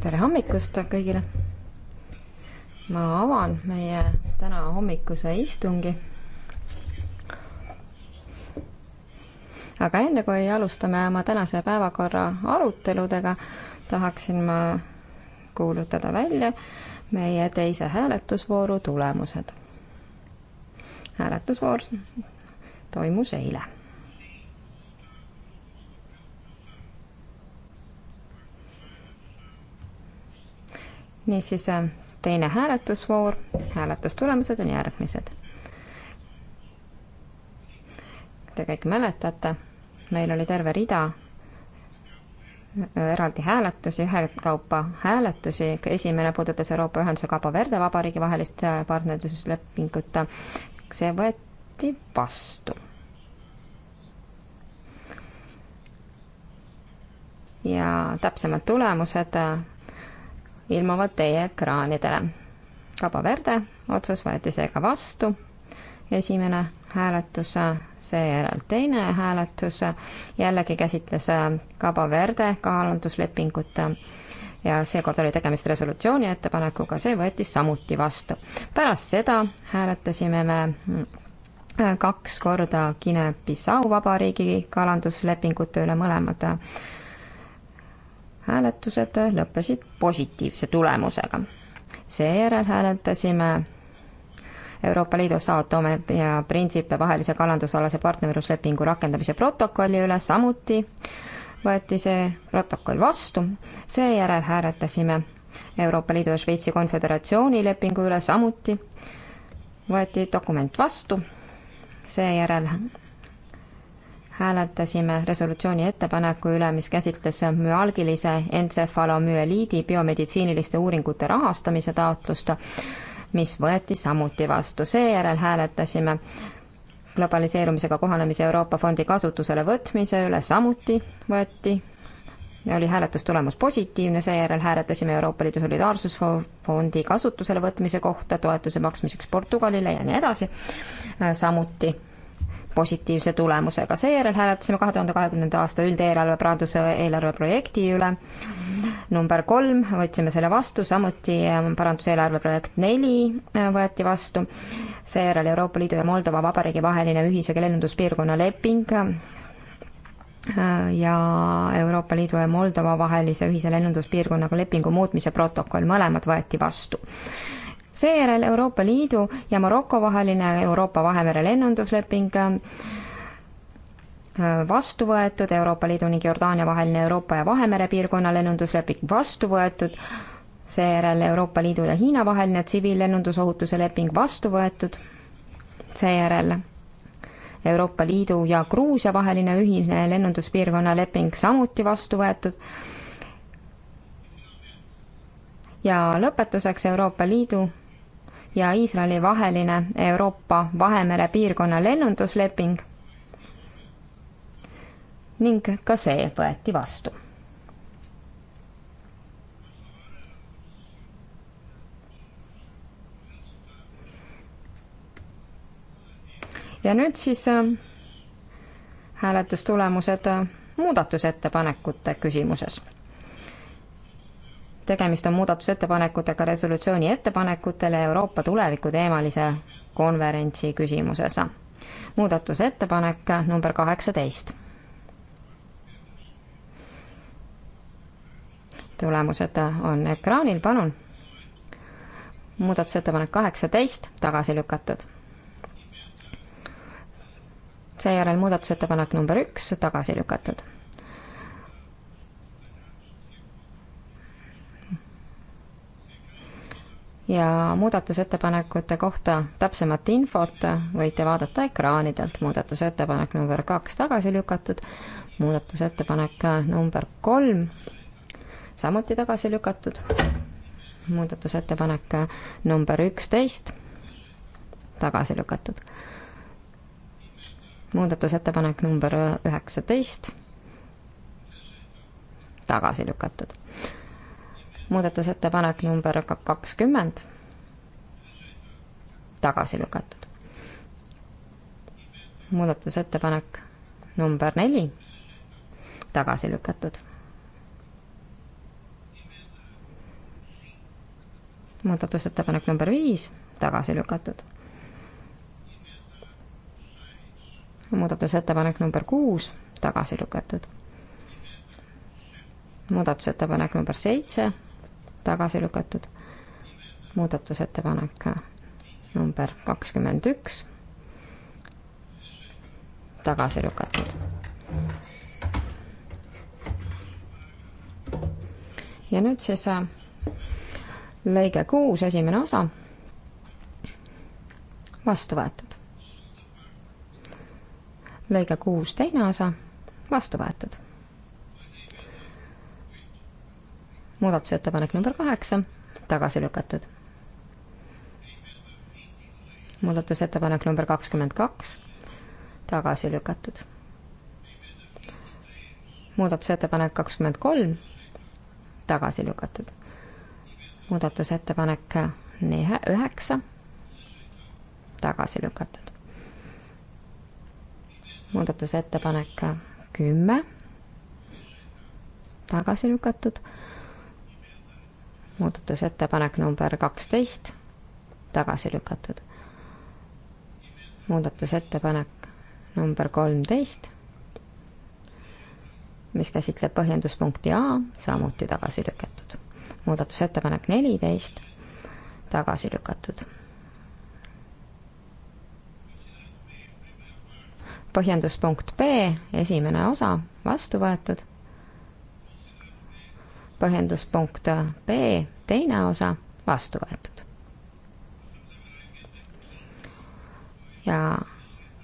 tere hommikust kõigile! ma avan meie täna hommikuse istungi. aga enne kui alustame oma tänase päevakorra aruteludega, tahaksin ma kuulutada välja meie teise hääletusvooru tulemused. hääletusvoor toimus eile niisiis äh, teine hääletusvoor, hääletustulemused on järgmised. Te kõik mäletate, meil oli terve rida äh, eraldi hääletusi, ühekaupa hääletusi, esimene puudutas Euroopa Ühenduse Cabo Verde Vabariigi vahelist äh, partnerluslepingut, see võeti vastu. ja täpsemad tulemused ilmuvad teie ekraanidele. Kaba Verde otsus võeti seega vastu, esimene hääletus, seejärel teine hääletus, jällegi käsitles Kaba Verde kaalanduslepingut ja seekord oli tegemist resolutsiooni ettepanekuga, see võeti samuti vastu. pärast seda hääletasime me kaks korda Guinea-Bissau vabariigi kalanduslepingute üle mõlemad hääletused lõppesid positiivse tulemusega. seejärel hääletasime Euroopa Liidu Saatome ja Printsipe vahelise kalandusalase partnerluslepingu rakendamise protokolli üle, samuti võeti see protokoll vastu, seejärel hääletasime Euroopa Liidu ja Šveitsi Konföderatsiooni lepingu üle, samuti võeti dokument vastu, seejärel hääletasime resolutsiooni ettepaneku üle, mis käsitles müalgilise entsefalomüeliidi biomeditsiiniliste uuringute rahastamise taotlust, mis võeti samuti vastu. seejärel hääletasime globaliseerumisega kohanemise Euroopa Fondi kasutusele võtmise üle, samuti võeti oli hääletustulemus positiivne, seejärel hääletasime Euroopa Liidu Solidaarsusfondi kasutusele võtmise kohta, toetuse maksmiseks Portugalile ja nii edasi, samuti positiivse tulemusega. seejärel hääletasime kahe tuhande kahekümnenda aasta üldeelarve Prantsuse eelarve projekti üle. number kolm, võtsime selle vastu, samuti äh, paranduseelarve projekt neli äh, võeti vastu. seejärel Euroopa Liidu ja Moldova Vabariigi vaheline ühise lennunduspiirkonna leping äh, ja Euroopa Liidu ja Moldova vahelise ühise lennunduspiirkonnaga lepingu muutmise protokoll, mõlemad võeti vastu seejärel Euroopa Liidu ja Maroko vaheline Euroopa Vahemere lennundusleping, äh, vastu võetud, Euroopa Liidu ning Jordaania vaheline Euroopa ja Vahemere piirkonna lennundusleping vastu võetud, seejärel Euroopa Liidu ja Hiina vaheline tsiviillennundusohutuse leping vastu võetud, seejärel Euroopa Liidu ja Gruusia vaheline ühine lennunduspiirkonna leping samuti vastu võetud ja lõpetuseks Euroopa Liidu ja Iisraeli vaheline Euroopa Vahemere piirkonna lennundusleping ning ka see võeti vastu. ja nüüd siis äh, hääletustulemused äh, muudatusettepanekute küsimuses tegemist on muudatusettepanekutega resolutsiooni ettepanekutele Euroopa tuleviku teemalise konverentsi küsimuses. muudatusettepanek number kaheksateist. tulemused on ekraanil, palun. muudatusettepanek kaheksateist, tagasi lükatud. seejärel muudatusettepanek number üks, tagasi lükatud ja muudatusettepanekute kohta täpsemat infot võite vaadata ekraanidelt, muudatusettepanek number kaks tagasi lükatud, muudatusettepanek number kolm samuti tagasi lükatud, muudatusettepanek number üksteist tagasi lükatud, muudatusettepanek number üheksateist tagasi lükatud muudatusettepanek number kakskümmend tagasi lükatud. muudatusettepanek number neli tagasi lükatud. muudatusettepanek number viis tagasi lükatud. muudatusettepanek number kuus tagasi lükatud. muudatusettepanek number seitse tagasi lükatud. muudatusettepanek number kakskümmend üks, tagasi lükatud. ja nüüd siis äh, lõige kuus, esimene osa, vastu võetud. lõige kuus, teine osa, vastu võetud muudatusettepanek number kaheksa, tagasi lükatud. muudatusettepanek number kakskümmend kaks, tagasi lükatud. muudatusettepanek kakskümmend kolm, tagasi lükatud. muudatusettepanek üheksa, tagasi lükatud. muudatusettepanek kümme, tagasi lükatud muudatusettepanek number kaksteist, tagasi lükatud. muudatusettepanek number kolmteist, mis käsitleb põhjenduspunkti A, samuti tagasi lükatud. muudatusettepanek neliteist, tagasi lükatud. põhjenduspunkt B, esimene osa, vastu võetud põhjenduspunkt B, teine osa, vastu võetud. ja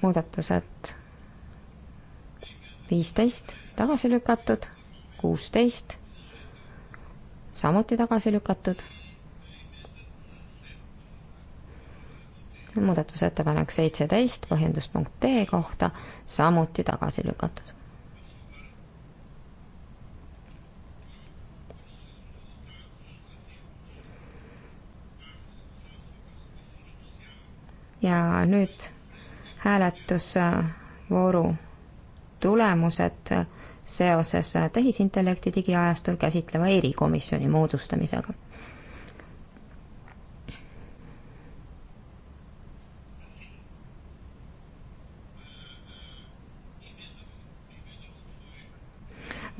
muudatused viisteist tagasi lükatud, kuusteist samuti tagasi lükatud. muudatusettepanek seitseteist põhjenduspunkt D kohta samuti tagasi lükatud. ja nüüd hääletusvooru tulemused seoses tehisintellekti digiajastul käsitleva erikomisjoni moodustamisega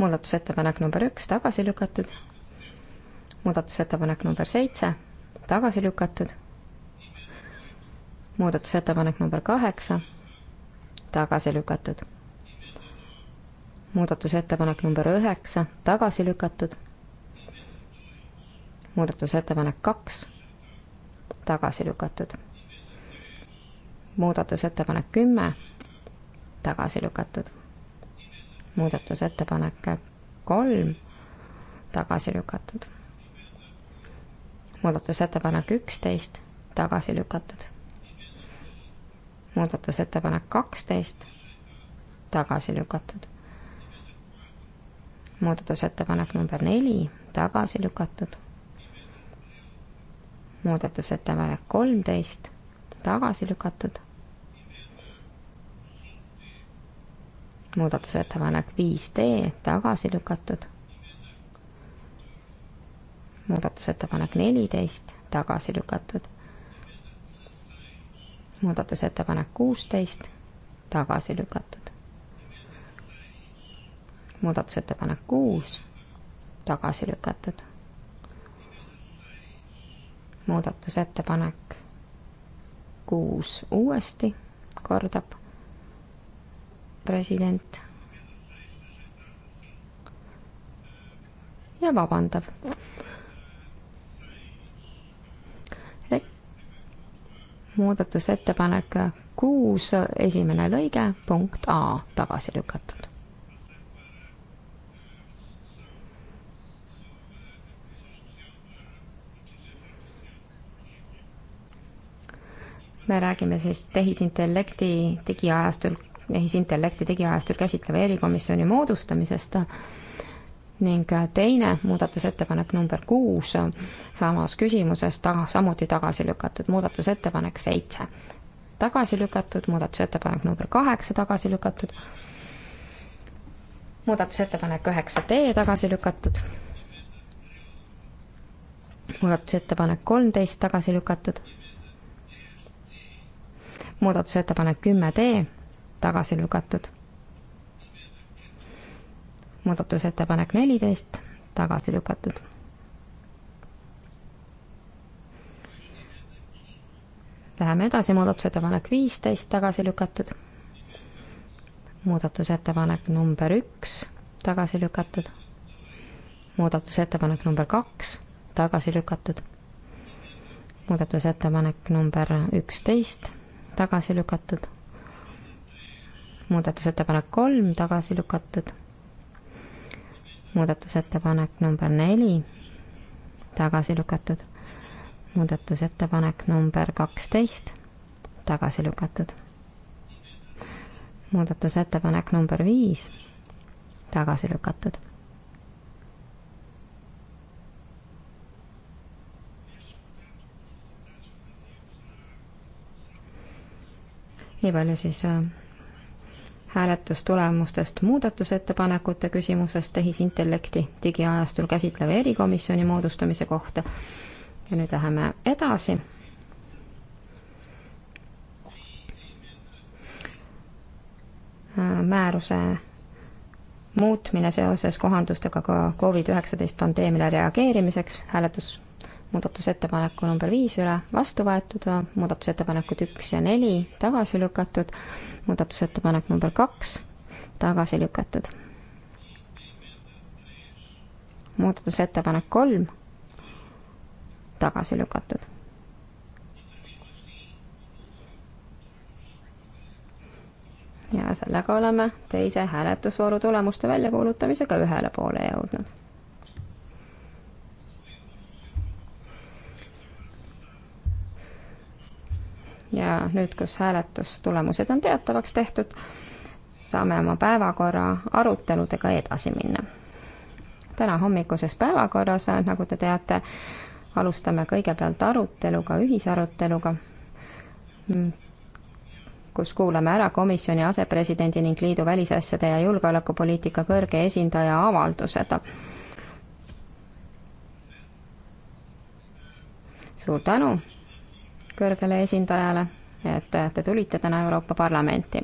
muudatusettepanek number üks tagasi lükatud, muudatusettepanek number seitse tagasi lükatud, muudatusettepanek number kaheksa, tagasi lükatud. muudatusettepanek number üheksa, tagasi lükatud. muudatusettepanek kaks, tagasi lükatud. muudatusettepanek kümme, tagasi lükatud. muudatusettepanek kolm, tagasi lükatud muudatusettepanek üksteist tagasi lükatud muudatusettepanek kaksteist, tagasi lükatud. muudatusettepanek number neli, tagasi lükatud. muudatusettepanek kolmteist, tagasi lükatud. muudatusettepanek viis D, tagasi lükatud. muudatusettepanek neliteist, tagasi lükatud muudatusettepanek kuusteist, tagasi lükatud. muudatusettepanek kuus, tagasi lükatud. muudatusettepanek kuus uuesti, kordab president ja vabandab muudatusettepanek kuus, esimene lõige, punkt A tagasi lükatud. me räägime siis tehisintellekti digiajastul, tehisintellekti digiajastul käsitleva erikomisjoni moodustamisest ning teine muudatusettepanek number kuus samas küsimuses ta-, samuti tagasi lükatud, muudatusettepanek seitse. tagasi lükatud, muudatusettepanek number kaheksa tagasi lükatud, muudatusettepanek üheksa D tagasi lükatud, muudatusettepanek kolmteist tagasi lükatud, muudatusettepanek kümme D tagasi lükatud muudatusettepanek neliteist, tagasi lükatud. Läheme edasi, muudatusettepanek viisteist, tagasi lükatud. muudatusettepanek number üks, tagasi lükatud. muudatusettepanek number kaks, tagasi lükatud. muudatusettepanek number üksteist, tagasi lükatud muudatusettepanek kolm tagasi lükatud, muudatusettepanek number neli, tagasi lükatud. muudatusettepanek number kaksteist, tagasi lükatud. muudatusettepanek number viis, tagasi lükatud. nii palju siis äh, hääletustulemustest muudatusettepanekute küsimuses tehisintellekti digiajastul käsitleva erikomisjoni moodustamise kohta. ja nüüd läheme edasi. Äh, määruse muutmine seoses kohandustega ka Covid-19 pandeemiale reageerimiseks, hääletus muudatusettepaneku number viis üle vastu võetud, muudatusettepanekud üks ja neli tagasi lükatud, muudatusettepanek number kaks tagasi lükatud. muudatusettepanek kolm tagasi lükatud. ja sellega oleme teise hääletusvooru tulemuste väljakuulutamisega ühele poole jõudnud ja nüüd, kus hääletustulemused on teatavaks tehtud, saame oma päevakorra aruteludega edasi minna. täna hommikuses päevakorras, nagu te teate, alustame kõigepealt aruteluga, ühisaruteluga, kus kuulame ära komisjoni asepresidendi ning liidu välisasjade ja julgeolekupoliitika kõrge esindaja avaldused. suur tänu kõrgele esindajale, et te tulite täna Euroopa Parlamenti.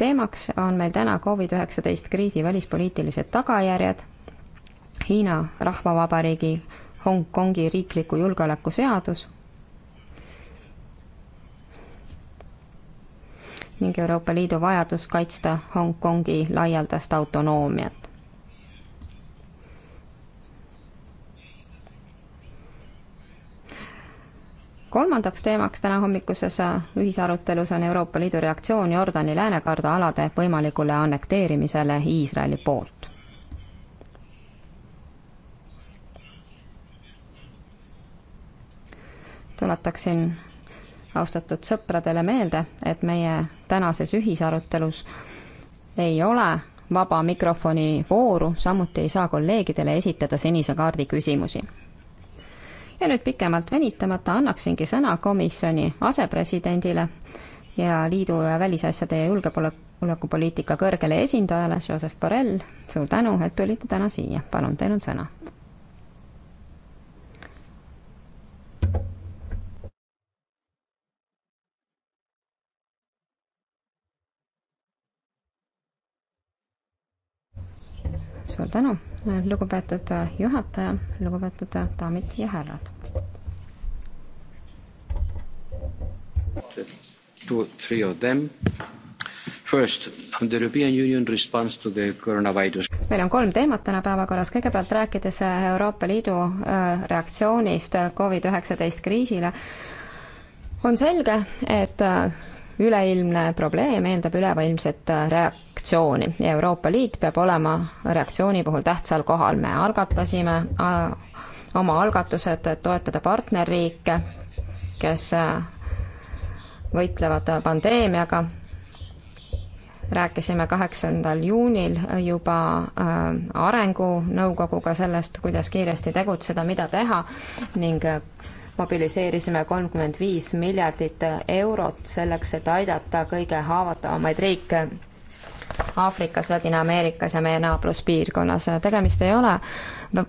teemaks on meil täna Covid-19 kriisi välispoliitilised tagajärjed, Hiina Rahvavabariigi Hongkongi riikliku julgeoleku seadus ning Euroopa Liidu vajadus kaitsta Hongkongi laialdast autonoomiat. kolmandaks teemaks täna hommikuses äh, ühisarutelus on Euroopa Liidu reaktsioon Jordani läänekarda alade võimalikule annekteerimisele Iisraeli poolt. tuletaksin austatud sõpradele meelde, et meie tänases ühisarutelus ei ole vaba mikrofoni vooru, samuti ei saa kolleegidele esitada sinise kaardi küsimusi ja nüüd pikemalt venitamata annaksingi sõna komisjoni asepresidendile ja liidu välisasjade ja julgeolekupoliitika kõrgele esindajale Joseph Borrell, suur tänu, et tulite täna siia, palun, teil on sõna suur tänu, lugupeetud juhataja, lugupeetud daamid ja härrad. Two, three of them. First, on the European Union response to the coronavirus. meil on kolm teemat täna päevakorras, kõigepealt rääkides äh, Euroopa Liidu äh, reaktsioonist äh, Covid-19 kriisile, on selge, et üleilmne probleem eeldab ülevaimset äh, reaktsiooni ja Euroopa Liit peab olema reaktsiooni puhul tähtsal kohal. me algatasime äh, oma algatused, et toetada partnerriike, kes äh, võitlevad pandeemiaga. rääkisime kaheksandal juunil juba Arengunõukoguga sellest, kuidas kiiresti tegutseda, mida teha ning mobiliseerisime kolmkümmend viis miljardit eurot selleks, et aidata kõige haavatavamaid riike Aafrikas, Ladina-Ameerikas ja meie naabruspiirkonnas. tegemist ei ole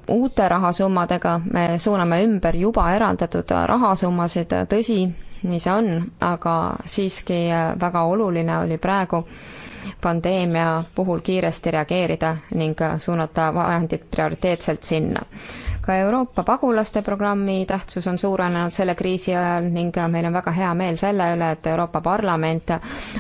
uute rahasummadega, me suuname ümber juba eraldatud rahasummasid, tõsi, nii see on, aga siiski väga oluline oli praegu pandeemia puhul kiiresti reageerida ning suunata vahendid prioriteetselt sinna ka Euroopa pagulaste programmi tähtsus on suurenenud selle kriisi ajal ning meil on väga hea meel selle üle, et Euroopa Parlament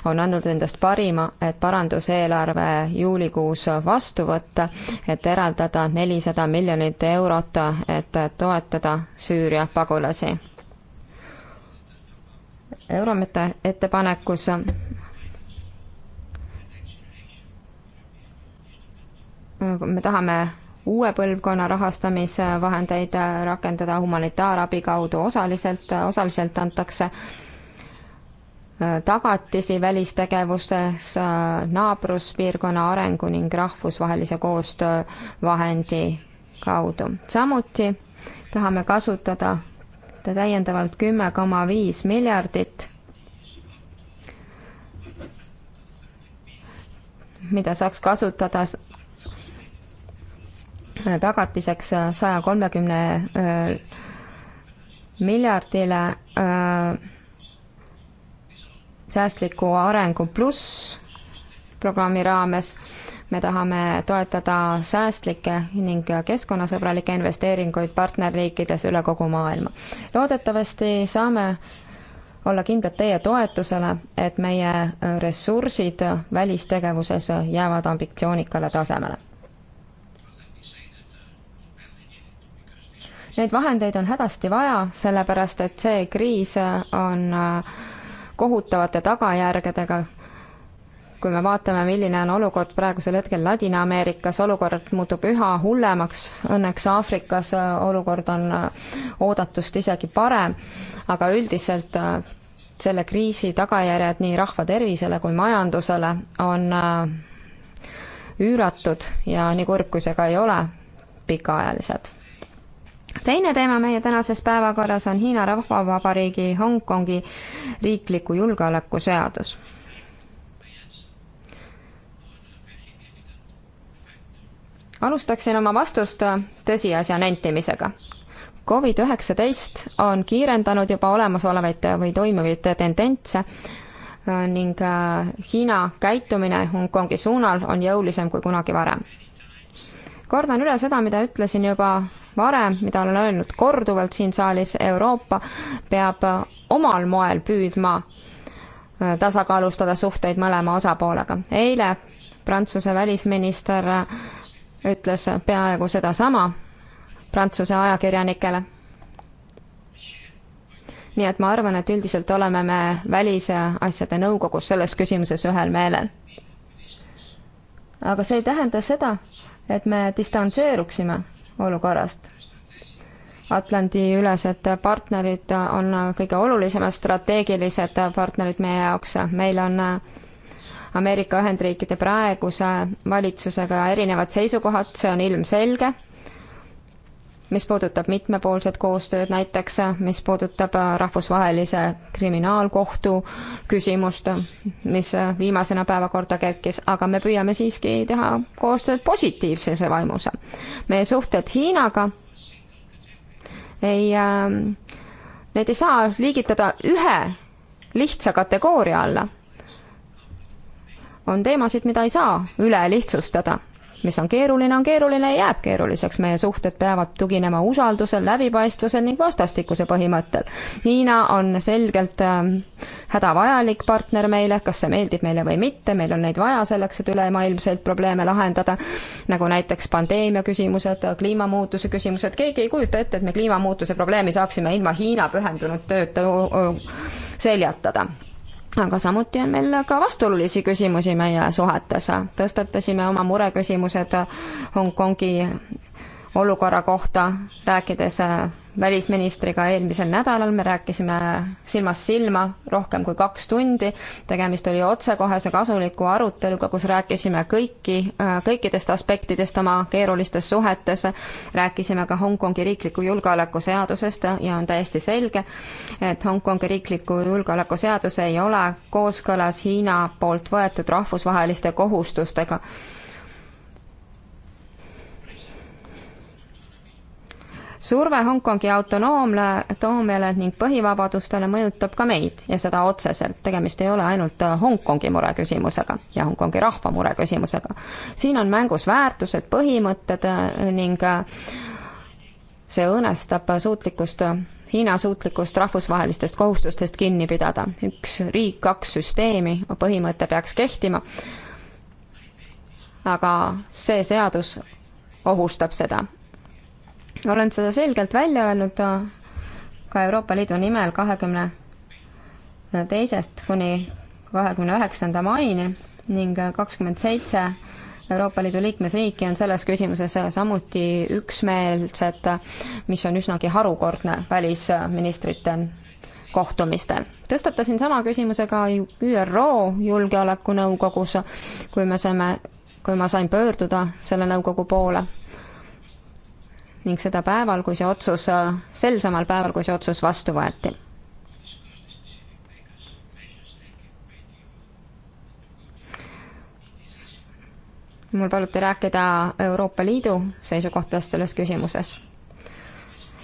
on andnud endast parima, et paranduseelarve juulikuus vastu võtta, et eraldada nelisada miljonit eurot, et toetada Süüria pagulasi. Euromete ettepanekus me tahame uue põlvkonna rahastamisvahendeid äh, rakendada humanitaarabi kaudu osaliselt, äh, osaliselt antakse äh, tagatisi välistegevustes, naabruspiirkonna arengu ning rahvusvahelise koostöö vahendi kaudu. samuti tahame kasutada täiendavalt kümme koma viis miljardit mida saaks kasutada tagatiseks saja kolmekümne äh, miljardile äh, säästliku arengu pluss programmi raames me tahame toetada säästlikke ning keskkonnasõbralikke investeeringuid partnerriikides üle kogu maailma. loodetavasti saame olla kindlad teie toetusele, et meie ressursid välistegevuses jäävad ambitsioonikale tasemele. Neid vahendeid on hädasti vaja, sellepärast et see kriis on äh, kohutavate tagajärgedega kui me vaatame, milline on olukord praegusel hetkel Ladina-Ameerikas, olukord muutub üha hullemaks, õnneks Aafrikas äh, olukord on äh, oodatust isegi parem, aga üldiselt selle kriisi tagajärjed nii rahva tervisele kui majandusele on üüratud ja nii kurb, kui see ka ei ole, pikaajalised teine teema meie tänases päevakorras on Hiina Rahvavabariigi Hongkongi riikliku julgeoleku seadus. alustaksin oma vastust tõsiasja nentimisega. Covid-19 on kiirendanud juba olemasolevaid või toimuvaid tendentse äh, ning äh, Hiina käitumine Hongkongi suunal on jõulisem kui kunagi varem. kordan üle seda, mida ütlesin juba varem, mida olen öelnud korduvalt siin saalis, Euroopa peab omal moel püüdma äh, tasakaalustada suhteid mõlema osapoolega. eile Prantsuse välisminister äh, ütles peaaegu sedasama Prantsuse ajakirjanikele. nii et ma arvan, et üldiselt oleme me Välisasjade Nõukogus selles küsimuses ühel meelel. aga see ei tähenda seda, et me distantseeruksime olukorrast. Atlandi-ülesed partnerid on kõige olulisemad strateegilised partnerid meie jaoks, meil on Ameerika Ühendriikide praeguse valitsusega erinevad seisukohad, see on ilmselge mis puudutab mitmepoolset koostööd näiteks, mis puudutab rahvusvahelise kriminaalkohtu küsimust, mis viimasena päevakorda kerkis, aga me püüame siiski teha koostööd positiivses vaimus. meie suhted Hiinaga ei äh,, neid ei saa liigitada ühe lihtsa kategooria alla. on teemasid, mida ei saa üle lihtsustada mis on keeruline, on keeruline ja jääb keeruliseks. meie suhted peavad tuginema usaldusel, läbipaistvusel ning vastastikuse põhimõttel. Hiina on selgelt äh, hädavajalik partner meile, kas see meeldib meile või mitte, meil on neid vaja selleks, et ülemaailmseid probleeme lahendada, nagu näiteks pandeemia küsimused, kliimamuutuse küsimused, keegi ei kujuta ette, et me kliimamuutuse probleemi saaksime ilma Hiina pühendunud tööta seljatada aga samuti on meil ka vastuolulisi küsimusi meie suhetes. tõstatasime oma mureküsimused Hongkongi olukorra kohta, rääkides äh, välisministriga eelmisel nädalal, me rääkisime silmast silma rohkem kui kaks tundi, tegemist oli otsekohese kasuliku aruteluga, kus rääkisime kõiki, äh, kõikidest aspektidest oma keerulistes suhetes, rääkisime ka Hongkongi riikliku julgeolekuseadusest ja on täiesti selge, et Hongkongi riikliku julgeolekuseadus ei ole kooskõlas Hiina poolt võetud rahvusvaheliste kohustustega surve Hongkongi autonoomiale ning põhivabadustele mõjutab ka meid ja seda otseselt. tegemist ei ole ainult Hongkongi mureküsimusega ja Hongkongi rahva mureküsimusega. siin on mängus väärtused, põhimõtted äh, ning äh, see õõnestab suutlikkust, Hiina suutlikkust rahvusvahelistest kohustustest kinni pidada. üks riik, kaks süsteemi, põhimõte peaks kehtima, aga see seadus ohustab seda olen seda selgelt välja öelnud ka Euroopa Liidu nimel kahekümne teisest kuni kahekümne üheksanda maini ning kakskümmend seitse Euroopa Liidu liikmesriiki on selles küsimuses samuti üksmeelsed, mis on üsnagi harukordne välisministrite kohtumistel. tõstatasin sama küsimuse ka ÜRO Julgeolekunõukogus, kui me saime, kui ma sain pöörduda selle nõukogu poole ning seda päeval, kui see otsus, sel samal päeval, kui see otsus vastu võeti. mul paluti rääkida Euroopa Liidu seisukohtadest selles küsimuses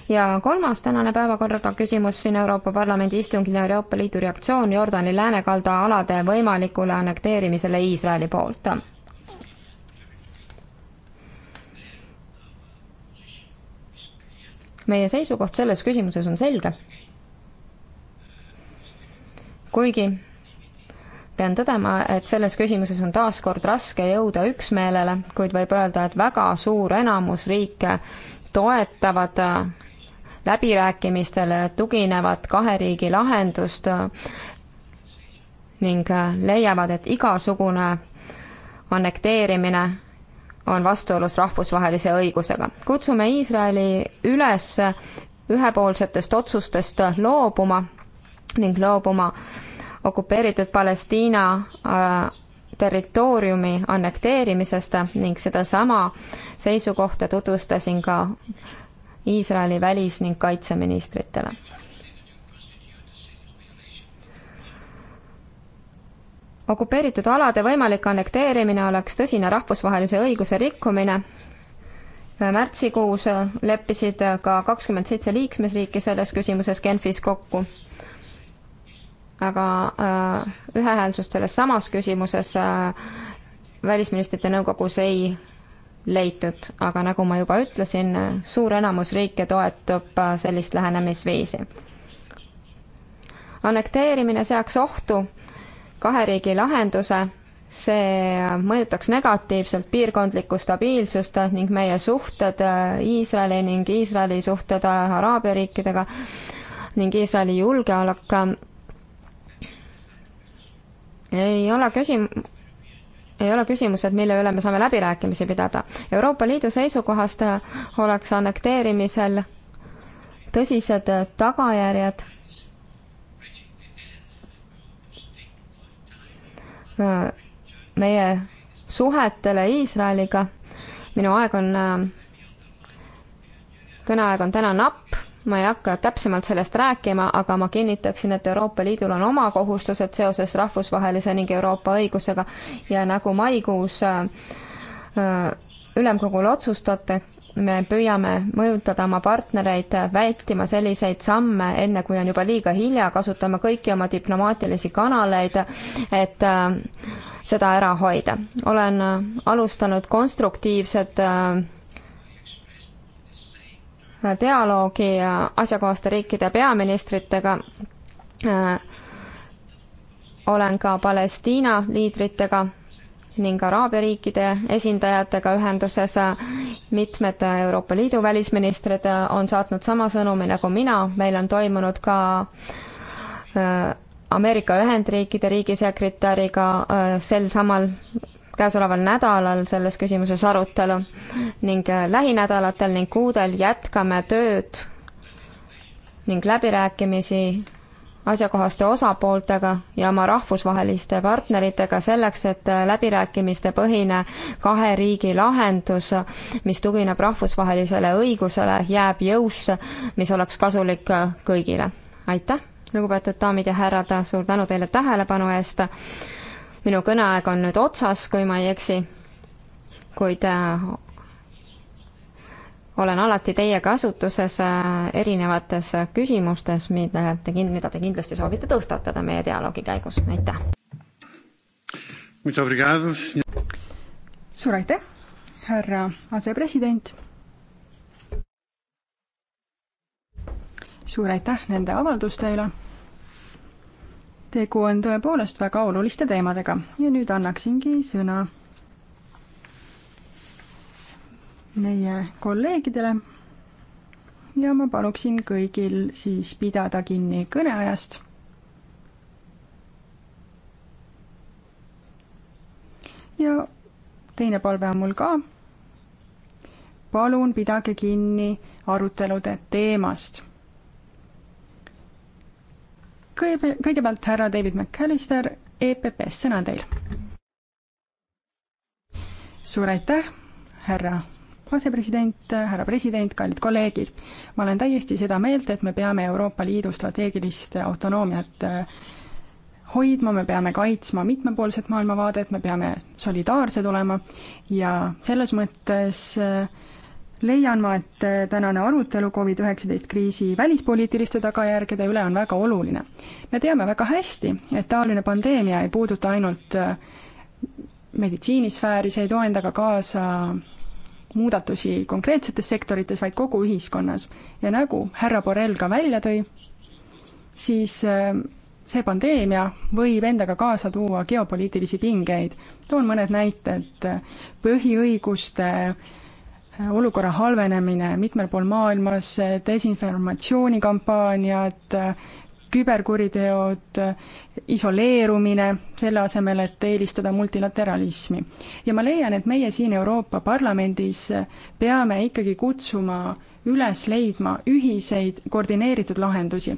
ja kolmas tänane päevakorraga küsimus siin Euroopa Parlamendi istungil ja Euroopa Liidu reaktsioon Jordani läänekalda alade võimalikule annekteerimisele Iisraeli poolt. meie seisukoht selles küsimuses on selge. kuigi pean tõdema, et selles küsimuses on taaskord raske jõuda üksmeelele, kuid võib öelda, et väga suur enamus riike toetavad äh, läbirääkimistele tuginevat kahe riigi lahendust äh, ning äh, leiavad, et igasugune annekteerimine on vastuolus rahvusvahelise õigusega. kutsume Iisraeli üles ühepoolsetest otsustest loobuma ning loobuma okupeeritud Palestiina äh, territooriumi annekteerimisest ning sedasama seisukohta tutvustasin ka Iisraeli välis- ning kaitseministritele okupeeritud alade võimalik annekteerimine oleks tõsine rahvusvahelise õiguse rikkumine. märtsikuus leppisid ka kakskümmend seitse liikmesriiki selles küsimuses Genfis kokku. aga äh, ühehäälsust selles samas küsimuses äh, välisministrite nõukogus ei leitud, aga nagu ma juba ütlesin, suur enamus riike toetub äh, sellist lähenemisviisi. annekteerimine seaks ohtu äh, kahe riigi lahenduse, see mõjutaks negatiivselt piirkondlikku stabiilsust ning meie suhted äh, Iisraeli ning Iisraeli suhted äh, Araabia riikidega ning Iisraeli julgeolek. ei ole küsim-, ei ole küsimus, et mille üle me saame läbirääkimisi pidada. Euroopa Liidu seisukohast oleks annekteerimisel tõsised tagajärjed Äh, meie suhetele Iisraeliga. minu aeg on, äh, kõneaeg on täna napp, ma ei hakka täpsemalt sellest rääkima, aga ma kinnitaksin, et Euroopa Liidul on oma kohustused seoses rahvusvahelise ning Euroopa õigusega ja nagu maikuus äh, Äh, ülemkogul otsustate, me püüame mõjutada oma partnereid vältima selliseid samme, enne kui on juba liiga hilja, kasutama kõiki oma diplomaatilisi kanaleid, et äh, seda ära hoida. olen äh, alustanud konstruktiivset dialoogi asjakohaste riikide peaministritega olen ka Palestiina liidritega ning Araabia riikide esindajatega ühenduses. mitmed Euroopa Liidu välisministrid on saatnud sama sõnumi nagu mina, meil on toimunud ka äh, Ameerika Ühendriikide riigisekretäriga äh, sel samal käesoleval nädalal selles küsimuses arutelu ning äh, lähinädalatel ning kuudel jätkame tööd ning läbirääkimisi asjakohaste osapooltega ja oma rahvusvaheliste partneritega selleks, et läbirääkimiste põhine kahe riigi lahendus, mis tugineb rahvusvahelisele õigusele, jääb jõusse, mis oleks kasulik kõigile. aitäh, lugupeetud daamid ja härrad, suur tänu teile tähelepanu eest. minu kõneaeg on nüüd otsas, kui ma ei eksi, kuid olen alati teie kasutuses äh, erinevates äh, küsimustes, mida te, mida te kindlasti soovite tõstatada meie dialoogi käigus, aitäh! suur aitäh, härra asepresident! suur aitäh nende avalduste üle! tegu on tõepoolest väga oluliste teemadega ja nüüd annaksingi sõna meie kolleegidele ja ma paluksin kõigil siis pidada kinni kõneajast. ja teine palve on mul ka. palun pidage kinni arutelude teemast. kõige, kõigepealt härra David McAllister EPP-st, sõna on teil. suur aitäh, härra asepresident, härra president, kallid kolleegid, ma olen täiesti seda meelt, et me peame Euroopa Liidu strateegilist autonoomiat äh, hoidma, me peame kaitsma mitmepoolset maailmavaadet, me peame solidaarsed olema ja selles mõttes äh, leian ma, et äh, tänane arutelu Covid-19 kriisi välispoliitiliste tagajärgede üle on väga oluline. me teame väga hästi, et taoline pandeemia ei puuduta ainult meditsiinisfääri, see ei too endaga kaasa muudatusi konkreetsetes sektorites, vaid kogu ühiskonnas. ja nagu härra Borrell ka välja tõi, siis äh, see pandeemia võib endaga kaasa tuua geopoliitilisi pingeid. toon mõned näited, põhiõiguste äh, olukorra halvenemine mitmel pool maailmas, äh, desinformatsioonikampaaniad, küberkuriteod, isoleerumine, selle asemel, et eelistada multilateralismi. ja ma leian, et meie siin Euroopa Parlamendis peame ikkagi kutsuma üles leidma ühiseid koordineeritud lahendusi.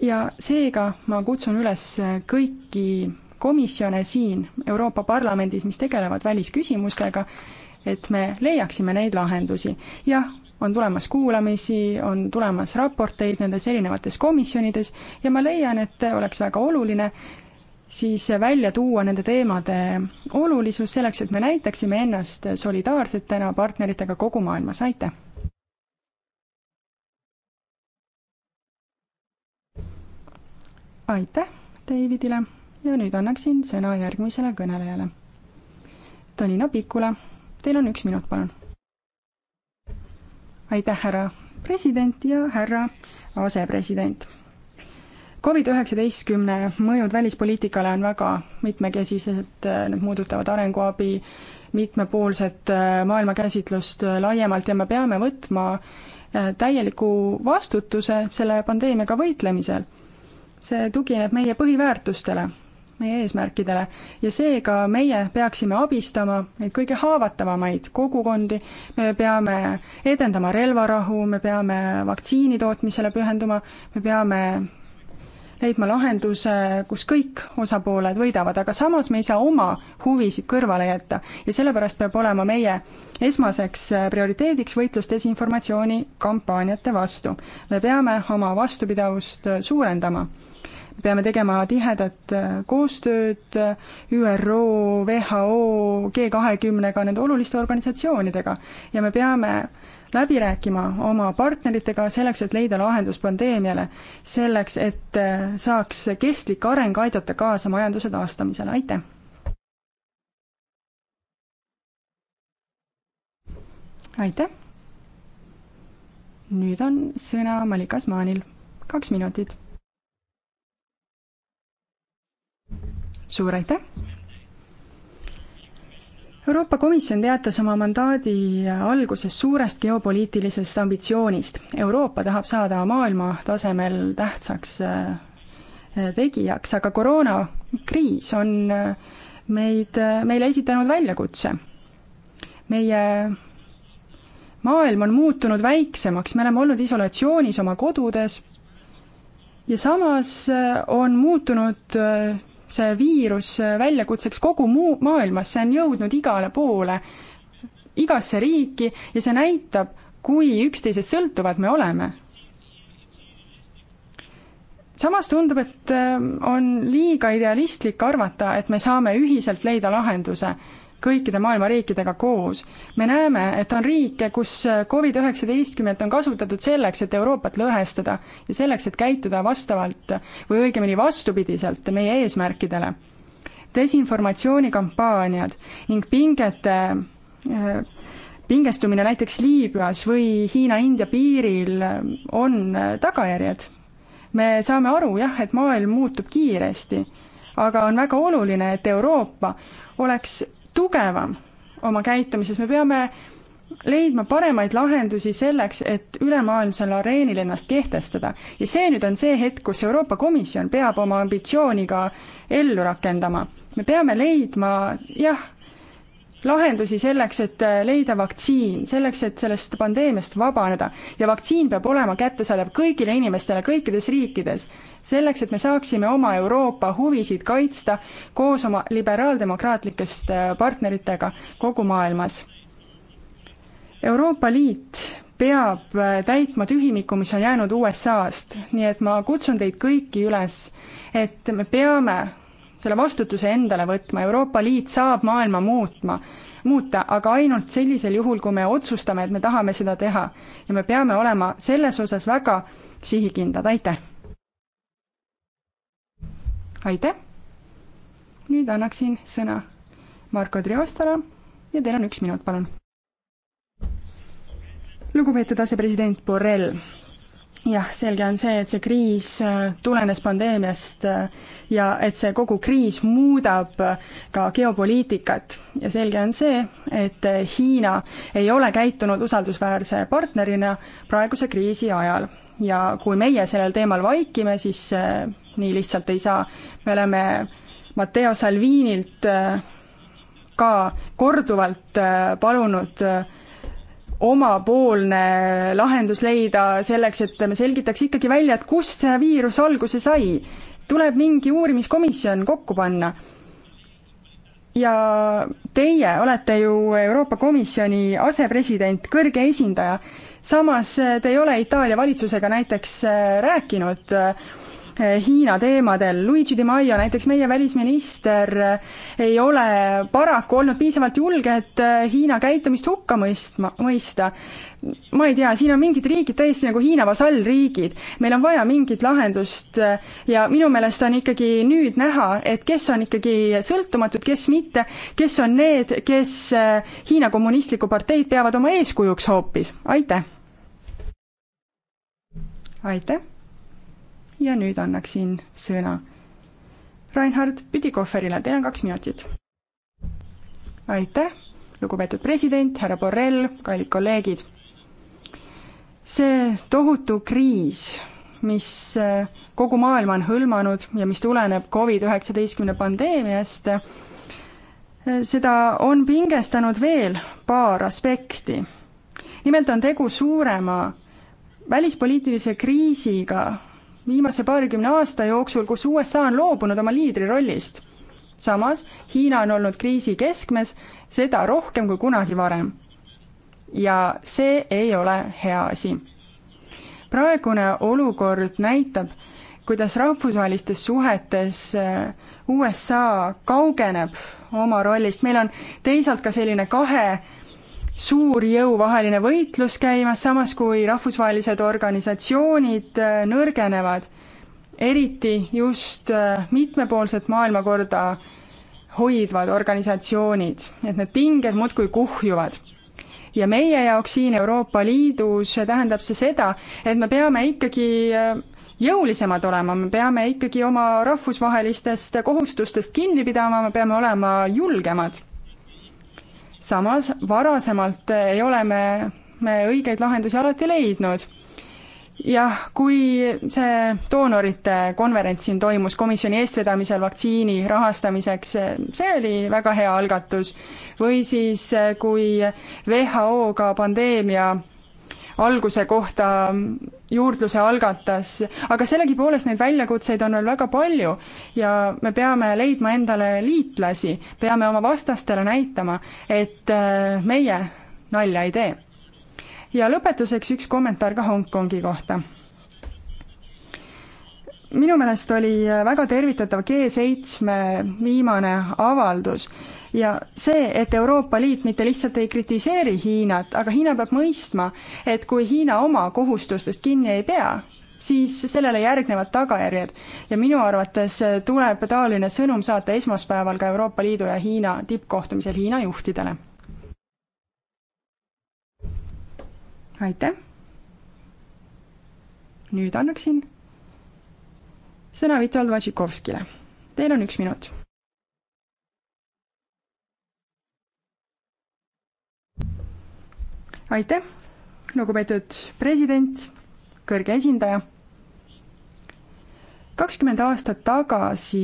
ja seega ma kutsun üles kõiki komisjone siin Euroopa Parlamendis, mis tegelevad välisküsimustega, et me leiaksime neid lahendusi. jah, on tulemas kuulamisi, on tulemas raporteid nendes erinevates komisjonides ja ma leian, et oleks väga oluline siis välja tuua nende teemade olulisus selleks, et me näitaksime ennast solidaarsetena partneritega kogu maailmas, aitäh! aitäh Davidile ja nüüd annaksin sõna järgmisele kõnelejale. Tõnina Pikula, teil on üks minut, palun aitäh, härra president ja härra asepresident. Covid-19 mõjud välispoliitikale on väga mitmekesised, need puudutavad arenguabi, mitmepoolset äh, maailmakäsitlust äh, laiemalt ja me peame võtma äh, täieliku vastutuse selle pandeemiaga võitlemisel. see tugineb meie põhiväärtustele meie eesmärkidele ja seega meie peaksime abistama neid kõige haavatavamaid kogukondi, me peame edendama relvarahu, me peame vaktsiini tootmisele pühenduma, me peame leidma lahenduse, kus kõik osapooled võidavad, aga samas me ei saa oma huvisid kõrvale jätta ja sellepärast peab olema meie esmaseks prioriteediks võitlus desinformatsioonikampaaniate vastu. me peame oma vastupidavust suurendama peame tegema tihedat äh, koostööd äh, ÜRO, WHO, G kahekümnega, nende oluliste organisatsioonidega. ja me peame läbi rääkima oma partneritega selleks, et leida lahendus pandeemiale. selleks, et äh, saaks kestlik areng aidata kaasa majanduse taastamisele, aitäh! aitäh! nüüd on sõna Malika Smaanil, kaks minutit suur aitäh! Euroopa Komisjon teatas oma mandaadi alguses suurest geopoliitilisest ambitsioonist. Euroopa tahab saada maailma tasemel tähtsaks äh, tegijaks, aga koroonakriis on äh, meid, äh, meile esitanud väljakutse. meie maailm on muutunud väiksemaks, me oleme olnud isolatsioonis oma kodudes ja samas on muutunud see viirus väljakutseks kogu muu maailmas, see on jõudnud igale poole, igasse riiki ja see näitab, kui üksteisest sõltuvad me oleme. samas tundub, et äh, on liiga idealistlik arvata, et me saame ühiselt leida lahenduse kõikide maailma riikidega koos. me näeme, et on riike, kus äh, Covid-19 on kasutatud selleks, et Euroopat lõhestada ja selleks, et käituda vastavalt või õigemini vastupidiselt meie eesmärkidele. desinformatsioonikampaaniad ning pingete äh, pingestumine näiteks Liibüas või Hiina-India piiril äh, on tagajärjed. me saame aru jah, et maailm muutub kiiresti, aga on väga oluline, et Euroopa oleks tugevam oma käitumises, me peame leidma paremaid lahendusi selleks, et ülemaailmsel areenil ennast kehtestada. ja see nüüd on see hetk, kus Euroopa Komisjon peab oma ambitsiooni ka ellu rakendama. me peame leidma jah, lahendusi selleks, et äh, leida vaktsiin, selleks, et sellest pandeemiast vabaneda. ja vaktsiin peab olema kättesaadav kõigile inimestele kõikides riikides, selleks, et me saaksime oma Euroopa huvisid kaitsta koos oma liberaaldemokraatlikest äh, partneritega kogu maailmas. Euroopa Liit peab äh, täitma tühimikku, mis on jäänud USA-st, nii et ma kutsun teid kõiki üles, et me peame selle vastutuse endale võtma, Euroopa Liit saab maailma muutma, muuta, aga ainult sellisel juhul, kui me otsustame, et me tahame seda teha. ja me peame olema selles osas väga sihikindlad, aitäh! aitäh! nüüd annaksin sõna Marko Triostale ja teil on üks minut, palun. lugupeetud asepresident Borrell jah, selge on see, et see kriis äh, tulenes pandeemiast äh, ja et see kogu kriis muudab äh, ka geopoliitikat. ja selge on see, et Hiina ei ole käitunud usaldusväärse partnerina praeguse kriisi ajal. ja kui meie sellel teemal vaikime, siis nii lihtsalt ei saa. me oleme Matteo Salvinilt ka korduvalt palunud äh, omapoolne lahendus leida selleks, et me selgitaks ikkagi välja, et kust see viirus alguse sai. tuleb mingi uurimiskomisjon kokku panna. ja teie olete ju Euroopa Komisjoni asepresident, kõrge esindaja, samas te ei ole Itaalia valitsusega näiteks äh, rääkinud äh, Hiina teemadel. Luigi Di Maio, näiteks meie välisminister, ei ole paraku olnud piisavalt julge, et äh, Hiina käitumist hukka mõistma, mõista. ma ei tea, siin on mingid riigid täiesti nagu Hiina vasallriigid. meil on vaja mingit lahendust äh, ja minu meelest on ikkagi nüüd näha, et kes on ikkagi sõltumatud, kes mitte, kes on need, kes äh, Hiina kommunistlikku parteid peavad oma eeskujuks hoopis. aitäh! aitäh! ja nüüd annaksin sõna Reinhard Püdikohverile, teil on kaks minutit. aitäh, lugupeetud president, härra Borrell, kallid kolleegid. see tohutu kriis, mis äh, kogu maailma on hõlmanud ja mis tuleneb Covid-19 pandeemiast, äh, seda on pingestanud veel paar aspekti. nimelt on tegu suurema välispoliitilise kriisiga viimase paarikümne aasta jooksul, kus USA on loobunud oma liidrirollist. samas Hiina on olnud kriisi keskmes, seda rohkem kui kunagi varem. ja see ei ole hea asi. praegune olukord näitab, kuidas rahvusvahelistes suhetes äh, USA kaugeneb oma rollist, meil on teisalt ka selline kahe suur jõuvaheline võitlus käimas, samas kui rahvusvahelised organisatsioonid äh, nõrgenevad, eriti just äh, mitmepoolset maailmakorda hoidvad organisatsioonid, et need pinged muudkui kuhjuvad. ja meie jaoks siin Euroopa Liidus tähendab see seda, et me peame ikkagi äh, jõulisemad olema, me peame ikkagi oma rahvusvahelistest kohustustest kinni pidama, me peame olema julgemad samas varasemalt ei ole me, me õigeid lahendusi alati leidnud. jah, kui see doonorite konverents siin toimus komisjoni eestvedamisel vaktsiini rahastamiseks, see oli väga hea algatus. või siis, kui WHO-ga pandeemia alguse kohta juurdluse algatas, aga sellegipoolest neid väljakutseid on veel väga palju ja me peame leidma endale liitlasi, peame oma vastastele näitama, et äh, meie nalja ei tee. ja lõpetuseks üks kommentaar ka Hongkongi kohta minu meelest oli väga tervitatav G7 viimane avaldus ja see, et Euroopa Liit mitte lihtsalt ei kritiseeri Hiinat, aga Hiina peab mõistma, et kui Hiina oma kohustustest kinni ei pea, siis sellele järgnevad tagajärjed. ja minu arvates tuleb taoline sõnum saata esmaspäeval ka Euroopa Liidu ja Hiina tippkohtumisel Hiina juhtidele. aitäh! nüüd annaksin sõna Vitald Vatšikovskile. Teil on üks minut aitäh, lugupeetud president, kõrge esindaja. kakskümmend aastat tagasi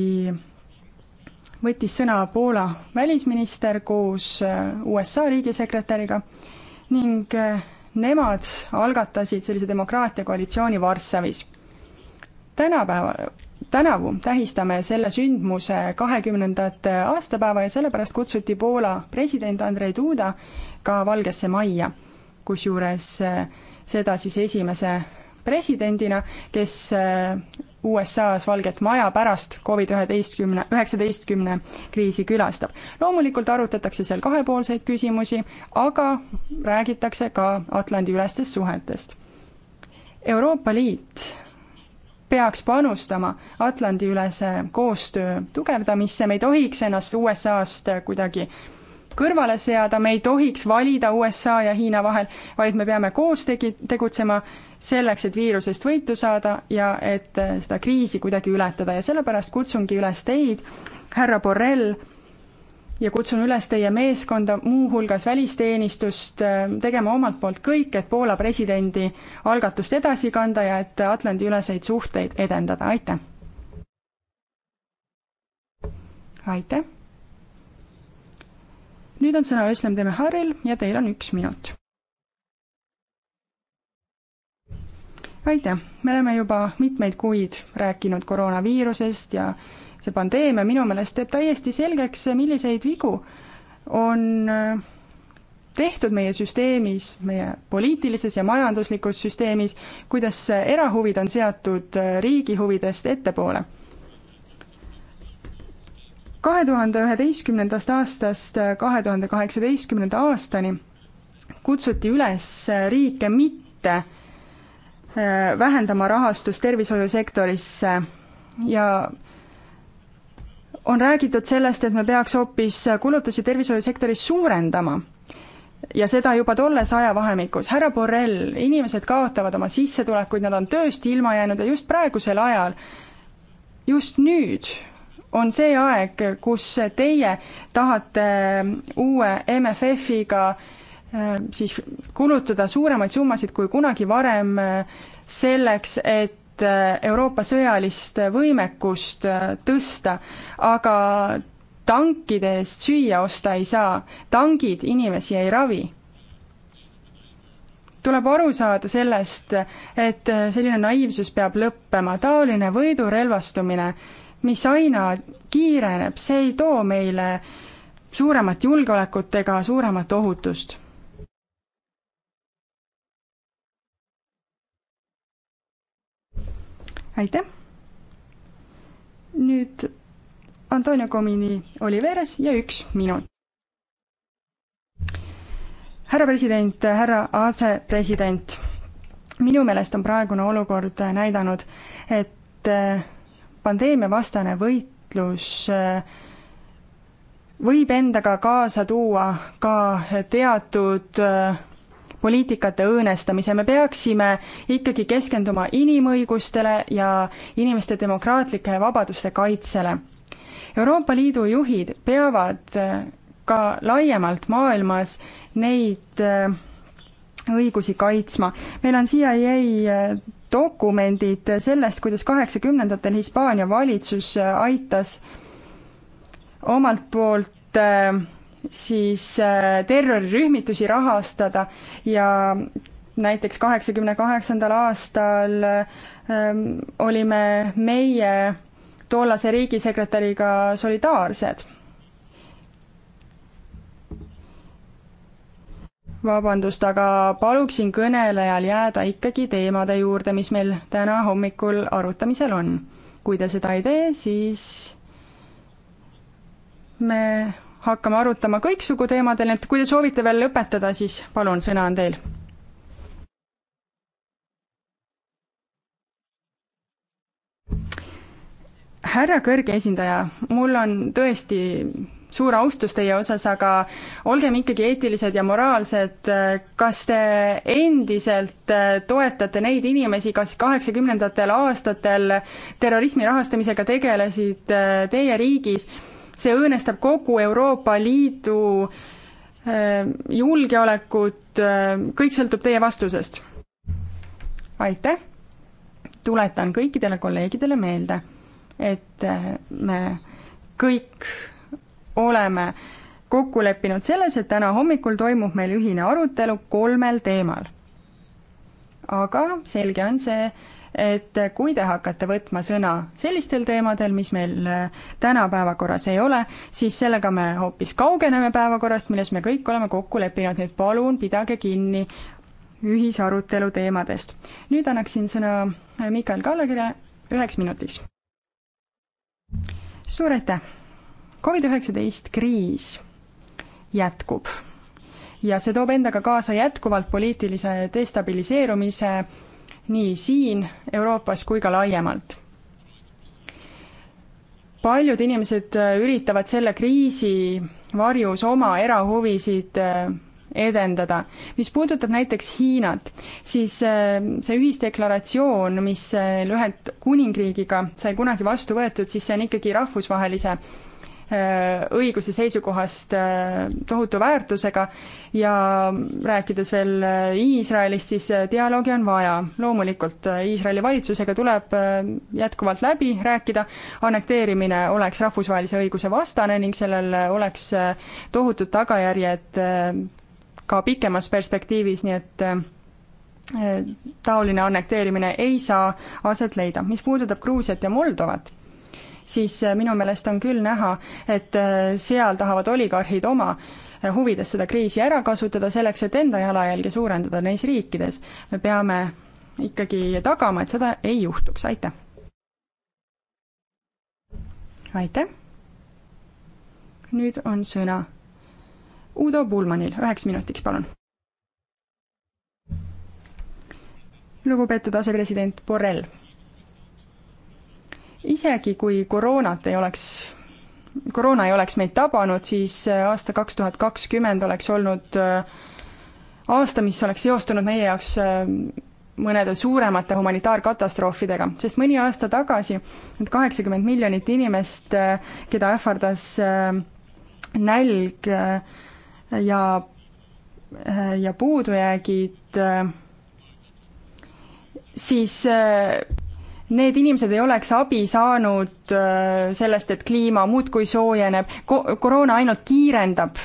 võttis sõna Poola välisminister koos äh, USA riigisekretäriga ning äh, nemad algatasid sellise demokraatiakoalitsiooni Varssavis. tänapäeva, tänavu tähistame selle sündmuse kahekümnendat aastapäeva ja sellepärast kutsuti Poola president Andrei Duda ka Valgesse Majja kusjuures äh, seda siis esimese presidendina, kes äh, USA-s Valget Maja pärast Covid üheteistkümne, üheksateistkümne kriisi külastab. loomulikult arutatakse seal kahepoolseid küsimusi, aga räägitakse ka Atlandi-ülestest suhetest. Euroopa Liit peaks panustama Atlandi-ülese koostöö tugevdamisse, me ei tohiks ennast USA-st kuidagi kõrvale seada, me ei tohiks valida USA ja Hiina vahel, vaid me peame koos tegi-, tegutsema selleks, et viirusest võitu saada ja et eh, seda kriisi kuidagi ületada ja sellepärast kutsungi üles teid, härra Borrell, ja kutsun üles teie meeskonda, muuhulgas välisteenistust, eh, tegema omalt poolt kõik, et Poola presidendi algatust edasi kanda ja et Atlandi-üleseid suhteid edendada, aitäh! aitäh! nüüd on sõna Özlem Demeharil ja teil on üks minut. aitäh, me oleme juba mitmeid kuid rääkinud koroonaviirusest ja see pandeemia minu meelest teeb täiesti selgeks, milliseid vigu on äh, tehtud meie süsteemis, meie poliitilises ja majanduslikus süsteemis, kuidas erahuvid on seatud äh, riigi huvidest ettepoole kahe tuhande üheteistkümnendast aastast kahe tuhande kaheksateistkümnenda aastani kutsuti üles riike mitte äh, vähendama rahastust tervishoiusektorisse ja on räägitud sellest, et me peaks hoopis kulutusi tervishoiusektoris suurendama. ja seda juba tolles ajavahemikus, härra Borrell, inimesed kaotavad oma sissetulekuid, nad on tööst ilma jäänud ja just praegusel ajal, just nüüd on see aeg, kus teie tahate uue MFF-iga äh, siis kulutada suuremaid summasid kui kunagi varem äh, selleks, et äh, Euroopa sõjalist võimekust tõsta, aga tankide eest süüa osta ei saa, tangid inimesi ei ravi tuleb aru saada sellest, et selline naiivsus peab lõppema, taoline võidurelvastumine mis aina kiireneb, see ei too meile suuremat julgeolekut ega suuremat ohutust. aitäh! nüüd Antonio Comini Oliveres ja üks minut. härra president, härra asepresident, minu meelest on praegune olukord näidanud, et pandeemiavastane võitlus eh, võib endaga kaasa tuua ka teatud eh, poliitikate õõnestamise, me peaksime ikkagi keskenduma inimõigustele ja inimeste demokraatlike vabaduste kaitsele. Euroopa Liidu juhid peavad eh, ka laiemalt maailmas neid õigusi kaitsma. meil on CIA dokumendid sellest, kuidas kaheksakümnendatel Hispaania valitsus äh, aitas omalt poolt äh, siis äh, terrorirühmitusi rahastada ja näiteks kaheksakümne kaheksandal aastal ähm, olime meie tollase riigisekretäriga solidaarsed vabandust, aga paluksin kõnelejal jääda ikkagi teemade juurde, mis meil täna hommikul arutamisel on. kui te seda ei tee, siis me hakkame arutama kõiksugu teemadel, nii et kui te soovite veel lõpetada, siis palun, sõna on teil. härra kõrge esindaja, mul on tõesti suur austus teie osas, aga olgem ikkagi eetilised ja moraalsed, kas te endiselt äh, toetate neid inimesi, kas kaheksakümnendatel aastatel terrorismi rahastamisega tegelesid äh, teie riigis, see õõnestab kogu Euroopa Liidu äh, julgeolekut, kõik sõltub teie vastusest. aitäh, tuletan kõikidele kolleegidele meelde, et me kõik oleme kokku leppinud selles, et täna hommikul toimub meil ühine arutelu kolmel teemal. aga selge on see, et kui te hakkate võtma sõna sellistel teemadel, mis meil äh, täna päevakorras ei ole, siis sellega me hoopis kaugeneme päevakorrast, milles me kõik oleme kokku leppinud, nii et palun pidage kinni ühisarutelu teemadest. nüüd annaksin sõna äh, Mikael Kallakile üheks minutiks. suur aitäh! Covid-19 kriis jätkub ja see toob endaga kaasa jätkuvalt poliitilise destabiliseerumise nii siin Euroopas kui ka laiemalt. paljud inimesed äh, üritavad selle kriisi varjus oma erahuvisid äh, edendada. mis puudutab näiteks Hiinat, siis äh, see ühisdeklaratsioon, mis lühend kuningriigiga sai kunagi vastu võetud, siis see on ikkagi rahvusvahelise Äh, õiguse seisukohast äh, tohutu väärtusega ja rääkides veel äh, Iisraelist, siis dialoogi on vaja. loomulikult Iisraeli valitsusega tuleb jätkuvalt läbi rääkida, annekteerimine oleks rahvusvahelise õiguse vastane ning sellel oleks tohutud tagajärjed ka pikemas perspektiivis, nii et taoline annekteerimine ei saa aset leida. mis puudutab Gruusiat ja Moldovat, siis äh, minu meelest on küll näha, et äh, seal tahavad oligarhid oma äh, huvides seda kriisi ära kasutada selleks, et enda jalajälge suurendada neis riikides. me peame ikkagi tagama, et seda ei juhtuks, aitäh! aitäh! nüüd on sõna Udo Pulmanil, üheks minutiks, palun. lugupeetud asepresident Borrell isegi kui koroonat ei oleks, koroona ei oleks meid tabanud, siis äh, aasta kaks tuhat kakskümmend oleks olnud äh, aasta, mis oleks seostunud meie jaoks äh, mõnede suuremate humanitaarkatastroofidega, sest mõni aasta tagasi need kaheksakümmend miljonit inimest, keda ähvardas nälg ja, ja puudujäägid, siis need inimesed ei oleks abi saanud äh, sellest, et kliima muudkui soojeneb Ko, koroona ainult kiirendab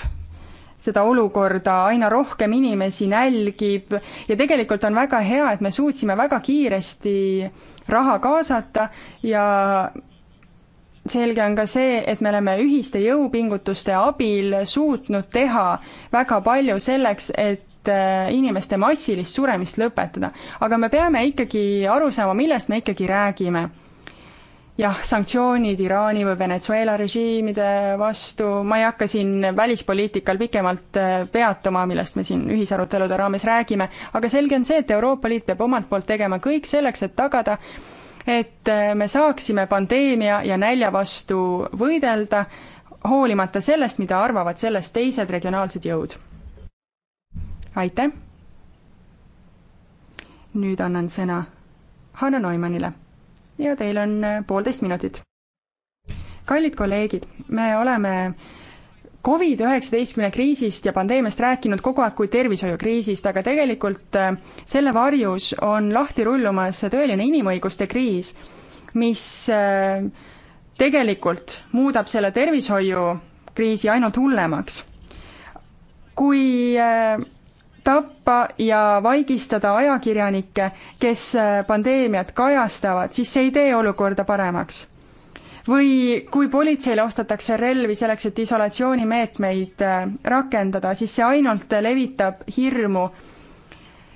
seda olukorda, aina rohkem inimesi nälgib ja tegelikult on väga hea, et me suutsime väga kiiresti raha kaasata ja selge on ka see, et me oleme ühiste jõupingutuste abil suutnud teha väga palju selleks, et Äh, inimeste massilist suremist lõpetada. aga me peame ikkagi aru saama, millest me ikkagi räägime. jah, sanktsioonid Iraani või Venezuela režiimide vastu, ma ei hakka siin välispoliitikal pikemalt äh, peatuma, millest me siin ühisarutelude raames räägime, aga selge on see, et Euroopa Liit peab omalt poolt tegema kõik selleks, et tagada, et äh, me saaksime pandeemia ja nälja vastu võidelda, hoolimata sellest, mida arvavad sellest teised regionaalsed jõud aitäh! nüüd annan sõna Hanno Neumannile ja teil on äh, poolteist minutit. kallid kolleegid, me oleme Covid-19 kriisist ja pandeemiast rääkinud kogu aeg kui tervishoiukriisist, aga tegelikult äh, selle varjus on lahti rullumas tõeline inimõiguste kriis, mis äh, tegelikult muudab selle tervishoiukriisi ainult hullemaks. kui tappa ja vaigistada ajakirjanikke, kes äh, pandeemiat kajastavad, siis see ei tee olukorda paremaks. või kui politseile ostetakse relvi selleks, et isolatsioonimeetmeid äh, rakendada, siis see ainult äh, levitab hirmu.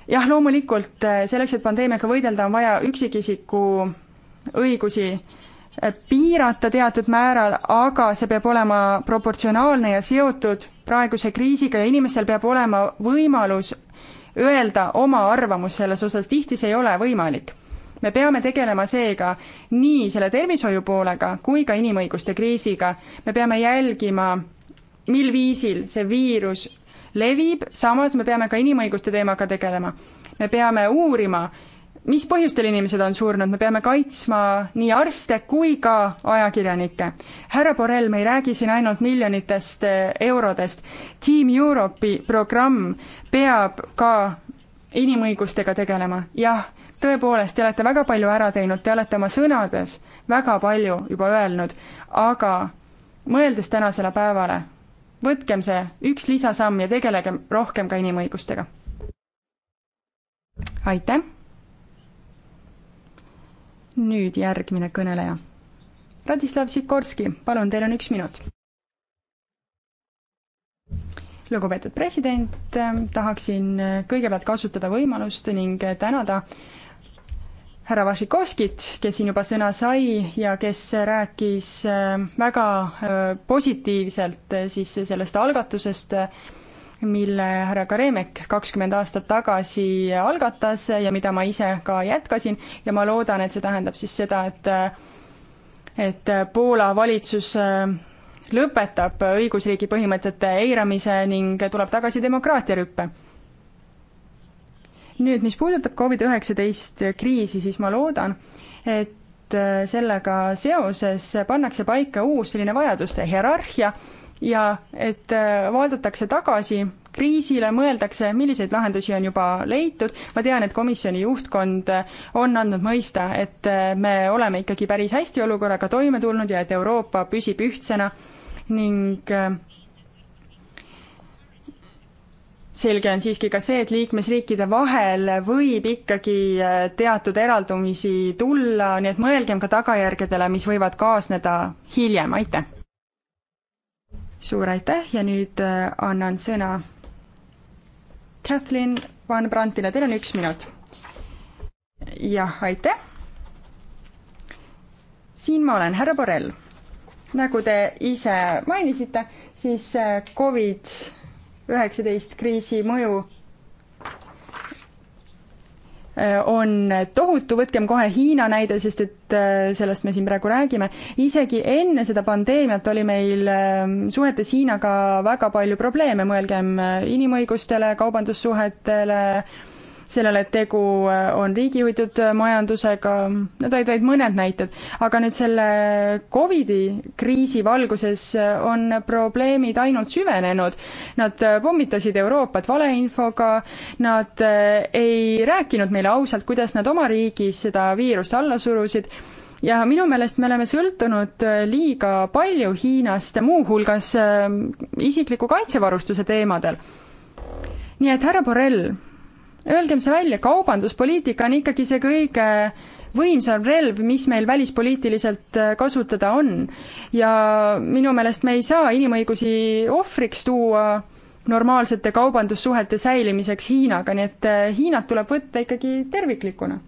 jah, loomulikult selleks, et pandeemiaga võidelda, on vaja üksikisiku õigusi piirata teatud määral, aga see peab olema proportsionaalne ja seotud praeguse kriisiga ja inimestel peab olema võimalus öelda oma arvamus selles osas, tihti see ei ole võimalik. me peame tegelema seega nii selle tervishoiu poolega kui ka inimõiguste kriisiga, me peame jälgima, mil viisil see viirus levib, samas me peame ka inimõiguste teemaga tegelema. me peame uurima, mis põhjustel inimesed on surnud, me peame kaitsma nii arste kui ka ajakirjanikke. härra Borrell, me ei räägi siin ainult miljonitest eh, eurodest. Team Europe'i programm peab ka inimõigustega tegelema, jah, tõepoolest, te olete väga palju ära teinud, te olete oma sõnades väga palju juba öelnud, aga mõeldes tänasele päevale, võtkem see üks lisasamm ja tegelegem rohkem ka inimõigustega. aitäh! nüüd järgmine kõneleja. Radislav Sikorski, palun, teil on üks minut. lugupeetud president, tahaksin kõigepealt kasutada võimalust ning tänada härra Vašikovskit, kes siin juba sõna sai ja kes rääkis väga positiivselt siis sellest algatusest, mille härra Karemek kakskümmend aastat tagasi algatas ja mida ma ise ka jätkasin ja ma loodan, et see tähendab siis seda, et et Poola valitsus äh, lõpetab õigusriigi põhimõtete eiramise ning tuleb tagasi demokraatia rüppe. nüüd, mis puudutab Covid-19 kriisi, siis ma loodan, et äh, sellega seoses pannakse paika uus selline vajaduste hierarhia ja et äh, vaadatakse tagasi kriisile, mõeldakse, milliseid lahendusi on juba leitud, ma tean, et komisjoni juhtkond äh, on andnud mõista, et äh, me oleme ikkagi päris hästi olukorraga toime tulnud ja et Euroopa püsib ühtsena ning selge on siiski ka see, et liikmesriikide vahel võib ikkagi teatud eraldumisi tulla, nii et mõelgem ka tagajärgedele, mis võivad kaasneda hiljem, aitäh! suur aitäh ja nüüd äh, annan sõna Kathleen Van Brandtile, teil on üks minut. jah, aitäh. siin ma olen, härra Borrell. nagu te ise mainisite, siis äh, Covid üheksateist kriisi mõju Äh, on tohutu, võtkem kohe Hiina näide, sest et äh, sellest me siin praegu räägime, isegi enne seda pandeemiat oli meil ähm, suhetes Hiinaga väga palju probleeme, mõelgem äh, inimõigustele, kaubandussuhetele, sellele, et tegu äh, on riigijuhitud äh, majandusega, need olid vaid mõned näited. aga nüüd selle Covidi kriisi valguses äh, on probleemid ainult süvenenud. Nad pommitasid Euroopat valeinfoga, nad ei rääkinud meile ausalt, kuidas nad oma riigis seda viirust alla surusid ja minu meelest me oleme sõltunud liiga palju Hiinast, muuhulgas isikliku kaitsevarustuse teemadel. nii et härra Borrell, öelgem see välja, kaubanduspoliitika on ikkagi see kõige võimsam relv, mis meil välispoliitiliselt äh, kasutada on. ja minu meelest me ei saa inimõigusi ohvriks tuua normaalsete kaubandussuhete säilimiseks Hiinaga, nii et äh, Hiinat tuleb võtta ikkagi terviklikuna.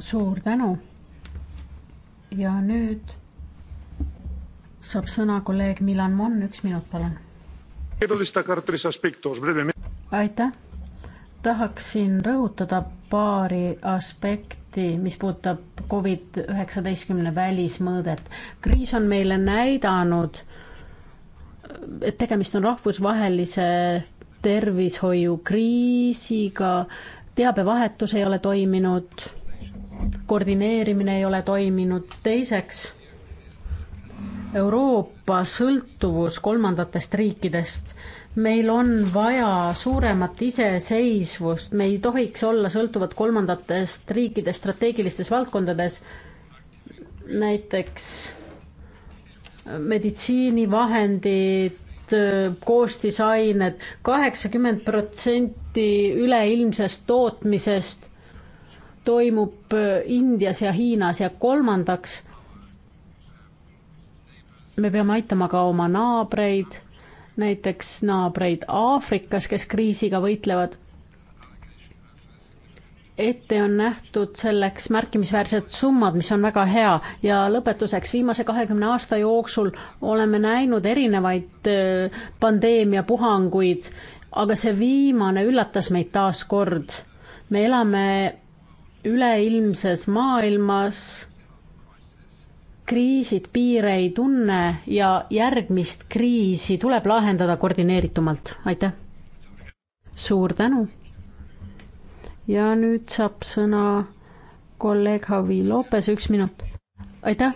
suur tänu. ja nüüd saab sõna kolleeg Milan Mann, üks minut, palun aitäh, tahaksin rõhutada paari aspekti, mis puudutab Covid üheksateistkümne välismõõdet. kriis on meile näidanud, et tegemist on rahvusvahelise tervishoiukriisiga, teabevahetus ei ole toiminud, koordineerimine ei ole toiminud, teiseks Euroopa sõltuvus kolmandatest riikidest. meil on vaja suuremat iseseisvust, me ei tohiks olla sõltuvad kolmandatest riikidest strateegilistes valdkondades. näiteks meditsiinivahendid, koostisained, kaheksakümmend protsenti üleilmsest tootmisest toimub Indias ja Hiinas ja kolmandaks me peame aitama ka oma naabreid, näiteks naabreid Aafrikas, kes kriisiga võitlevad. ette on nähtud selleks märkimisväärsed summad, mis on väga hea ja lõpetuseks, viimase kahekümne aasta jooksul oleme näinud erinevaid äh, pandeemiapuhanguid, aga see viimane üllatas meid taas kord. me elame üleilmses maailmas kriisid piire ei tunne ja järgmist kriisi tuleb lahendada koordineeritumalt, aitäh. suur tänu. ja nüüd saab sõna kolleeg Javi Lopes, üks minut. aitäh.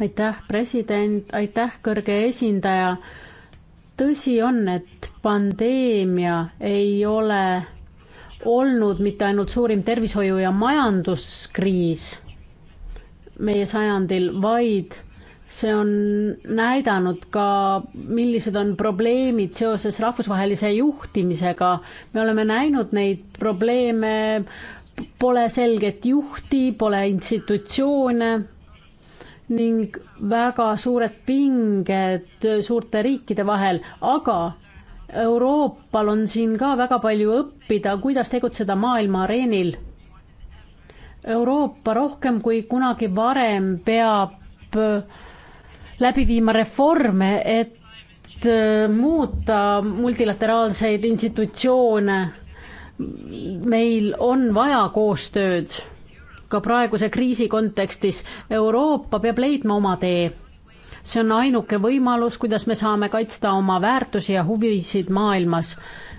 aitäh, president, aitäh, kõrge esindaja. tõsi on, et pandeemia ei ole olnud mitte ainult suurim tervishoiu ja majanduskriis meie sajandil, vaid see on näidanud ka, millised on probleemid seoses rahvusvahelise juhtimisega. me oleme näinud neid probleeme, pole selget juhti, pole institutsioone ning väga suured pinged suurte riikide vahel, aga Euroopal on siin ka väga palju õppida, kuidas tegutseda maailma areenil Euroopa rohkem kui kunagi varem peab äh, läbi viima reforme, et äh, muuta multilateraalseid institutsioone. meil on vaja koostööd ka praeguse kriisi kontekstis. Euroopa peab leidma oma tee. see on ainuke võimalus, kuidas me saame kaitsta oma väärtusi ja huvisid maailmas.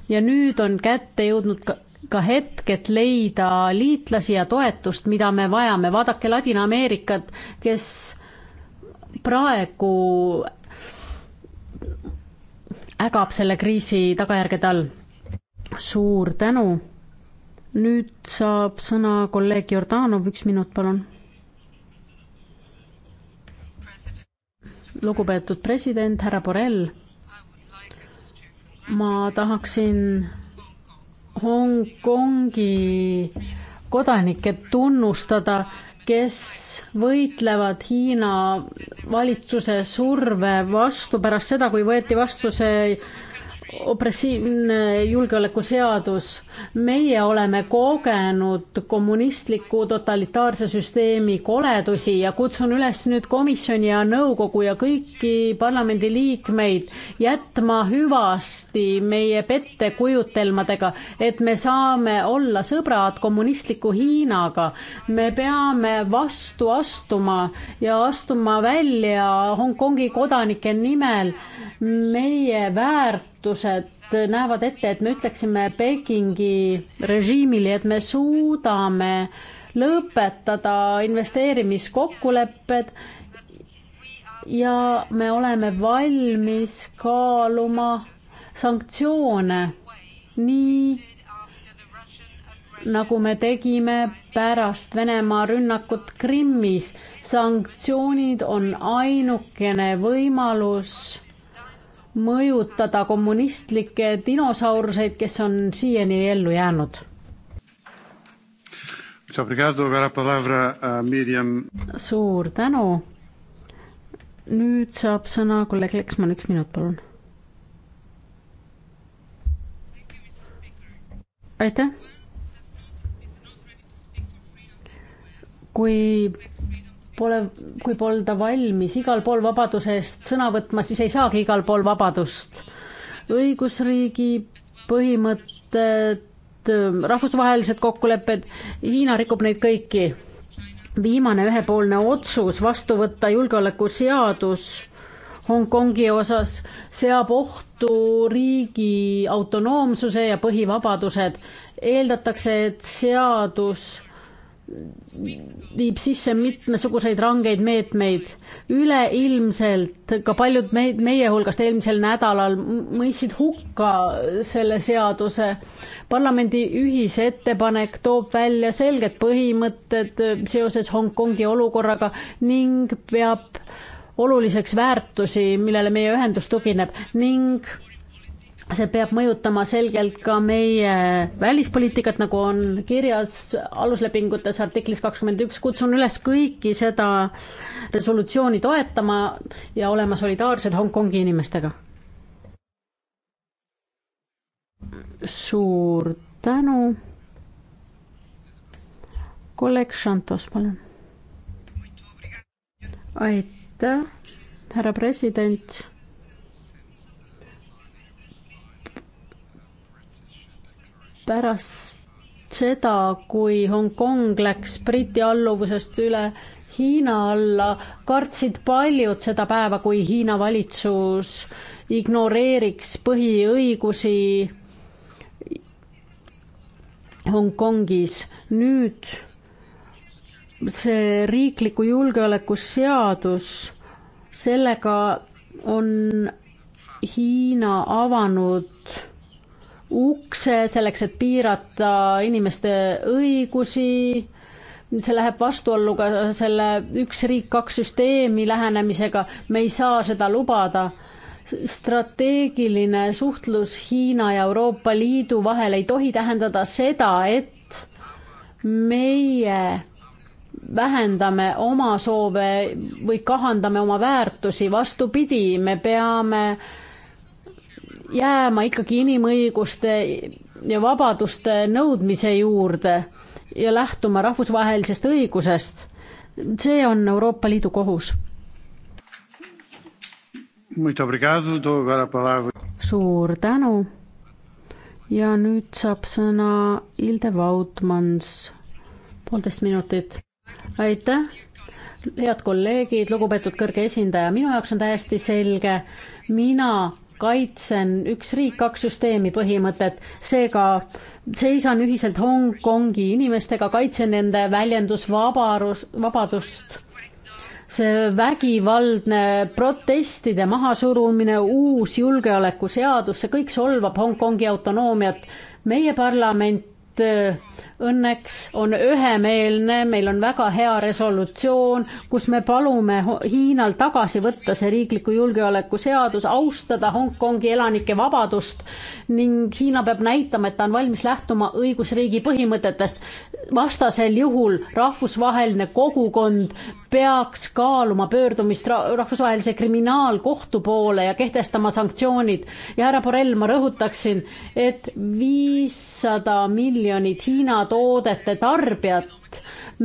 ja nüüd on kätte jõudnud ka ka hetk, et leida liitlasi ja toetust, mida me vajame. vaadake Ladina-Ameerikat, kes praegu ägab selle kriisi tagajärgede all. suur tänu. nüüd saab sõna kolleeg Jordanov, üks minut, palun. lugupeetud president, härra Borrell, ma tahaksin Hongkongi kodanikke tunnustada, kes võitlevad Hiina valitsuse surve vastu pärast seda, kui võeti vastu see opressiivne julgeolekuseadus. meie oleme kogenud kommunistliku totalitaarse süsteemi koledusi ja kutsun üles nüüd komisjoni ja nõukogu ja kõiki parlamendiliikmeid jätma hüvasti meie pettekujutelmadega, et me saame olla sõbrad kommunistliku Hiinaga. me peame vastu astuma ja astuma välja Hongkongi kodanike nimel meie väärt muutused näevad ette, et me ütleksime Pekingi režiimile, et me suudame lõpetada investeerimiskokkulepped ja me oleme valmis kaaluma sanktsioone nii nagu me tegime pärast Venemaa rünnakut Krimmis. sanktsioonid on ainukene võimalus mõjutada kommunistlikke dinosauruseid, kes on siiani ellu jäänud. suur tänu. nüüd saab sõna kolleeg Leksmann, üks minut, palun. aitäh. kui pole, kui polda valmis igal pool vabaduse eest sõna võtma, siis ei saagi igal pool vabadust. õigusriigi põhimõtted, rahvusvahelised kokkulepped, Hiina rikub neid kõiki. viimane ühepoolne otsus vastu võtta julgeolekuseadus Hongkongi osas seab ohtu riigi autonoomsuse ja põhivabadused. eeldatakse, et seadus viib sisse mitmesuguseid rangeid meetmeid. üleilmselt ka paljud meid, meie hulgast eelmisel nädalal mõistsid hukka selle seaduse. parlamendi ühisettepanek toob välja selged põhimõtted seoses Hongkongi olukorraga ning peab oluliseks väärtusi, millele meie ühendus tugineb ning see peab mõjutama selgelt ka meie välispoliitikat, nagu on kirjas aluslepingutes artiklis kakskümmend üks, kutsun üles kõiki seda resolutsiooni toetama ja olema solidaarsed Hongkongi inimestega. suur tänu. kolleeg Šantos, palun. aitäh, härra president pärast seda, kui Hongkong läks Briti alluvusest üle Hiina alla, kartsid paljud seda päeva, kui Hiina valitsus ignoreeriks põhiõigusi Hongkongis. nüüd see riikliku julgeoleku seadus, sellega on Hiina avanud ukse selleks, et piirata inimeste õigusi. see läheb vastuollu ka selle üks riik, kaks süsteemi lähenemisega, me ei saa seda lubada strateegiline suhtlus Hiina ja Euroopa Liidu vahel ei tohi tähendada seda, et meie vähendame oma soove või kahandame oma väärtusi, vastupidi, me peame äh, jääma ikkagi inimõiguste ja vabaduste nõudmise juurde ja lähtuma rahvusvahelisest õigusest. see on Euroopa Liidu kohus. suur tänu. ja nüüd saab sõna Ilde Vautmans, poolteist minutit. aitäh head kolleegid, lugupeetud kõrge esindaja, minu jaoks on täiesti selge, mina kaitsen üks riik, kaks süsteemi põhimõtet, seega seisan ühiselt Hongkongi inimestega, kaitsen nende väljendusvabarus, vabadust. see vägivaldne protestide mahasurumine, uus julgeolekuseadus, see kõik solvab Hongkongi autonoomiat. meie parlament õnneks on ühemeelne, meil on väga hea resolutsioon, kus me palume Hiinal tagasi võtta see riikliku julgeoleku seadus, austada Hongkongi elanike vabadust ning Hiina peab näitama, et ta on valmis lähtuma õigusriigi põhimõtetest. vastasel juhul rahvusvaheline kogukond peaks kaaluma pöördumist rahvusvahelise kriminaalkohtu poole ja kehtestama sanktsioonid. ja härra Borrell, ma rõhutaksin, et viissada miljonit Hiina toodete tarbijat.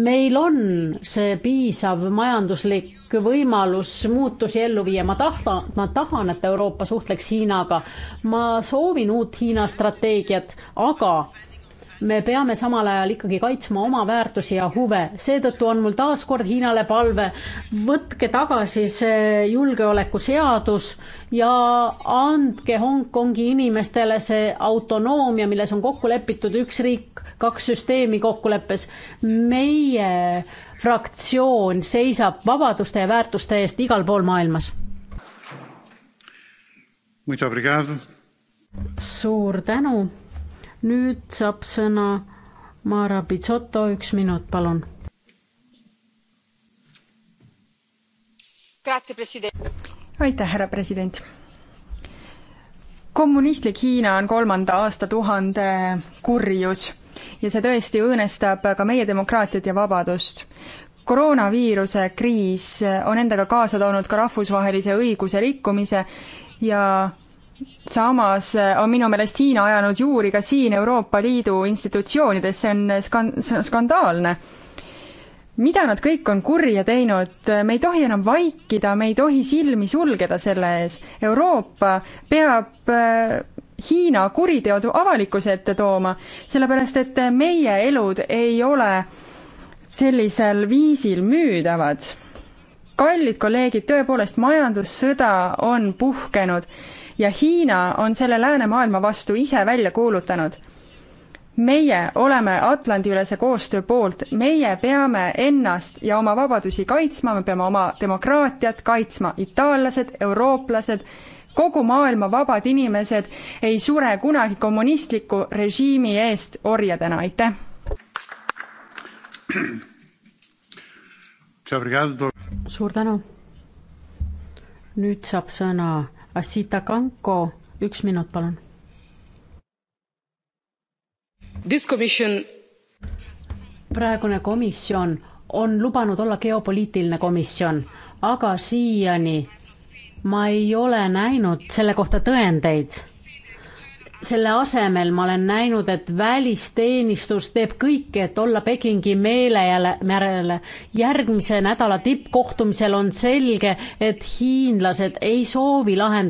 meil on see piisav majanduslik võimalus muutusi ellu viia, ma tahan, ma tahan, et Euroopa suhtleks Hiinaga, ma soovin uut Hiina strateegiat, aga me peame samal ajal ikkagi kaitsma oma väärtusi ja huve, seetõttu on mul taas kord Hiinale palve, võtke tagasi see julgeolekuseadus ja andke Hongkongi inimestele see autonoomia, milles on kokku lepitud üks riik, kaks süsteemi kokkuleppes. meie fraktsioon seisab vabaduste ja väärtuste eest igal pool maailmas. suur tänu nüüd saab sõna Mara Pitsoto, üks minut, palun. aitäh, härra president kommunistlik Hiina on kolmanda aastatuhande kurjus ja see tõesti õõnestab ka meie demokraatiat ja vabadust. koroonaviiruse kriis on endaga kaasa toonud ka rahvusvahelise õiguse rikkumise ja samas äh, on minu meelest Hiina ajanud juuri ka siin Euroopa Liidu institutsioonides, see on skan-, skandaalne. mida nad kõik on kurja teinud, äh, me ei tohi enam vaikida, me ei tohi silmi sulgeda selle ees. Euroopa peab äh, Hiina kuriteod avalikkuse ette tooma, sellepärast et meie elud ei ole sellisel viisil müüdavad. kallid kolleegid, tõepoolest majandussõda on puhkenud ja Hiina on selle läänemaailma vastu ise välja kuulutanud. meie oleme Atlandi-ülese koostöö poolt, meie peame ennast ja oma vabadusi kaitsma, me peame oma demokraatiat kaitsma, itaallased, eurooplased, kogu maailma vabad inimesed ei sure kunagi kommunistliku režiimi eest orjadena, aitäh! suur tänu! nüüd saab sõna Asita Kanko, üks minut, palun. praegune komisjon on lubanud olla geopoliitiline komisjon, aga siiani ma ei ole näinud selle kohta tõendeid selle asemel ma olen näinud, et välisteenistus teeb kõike, et olla Pekingi meelejäle, merele. järgmise nädala tippkohtumisel on selge, et hiinlased ei soovi lahendada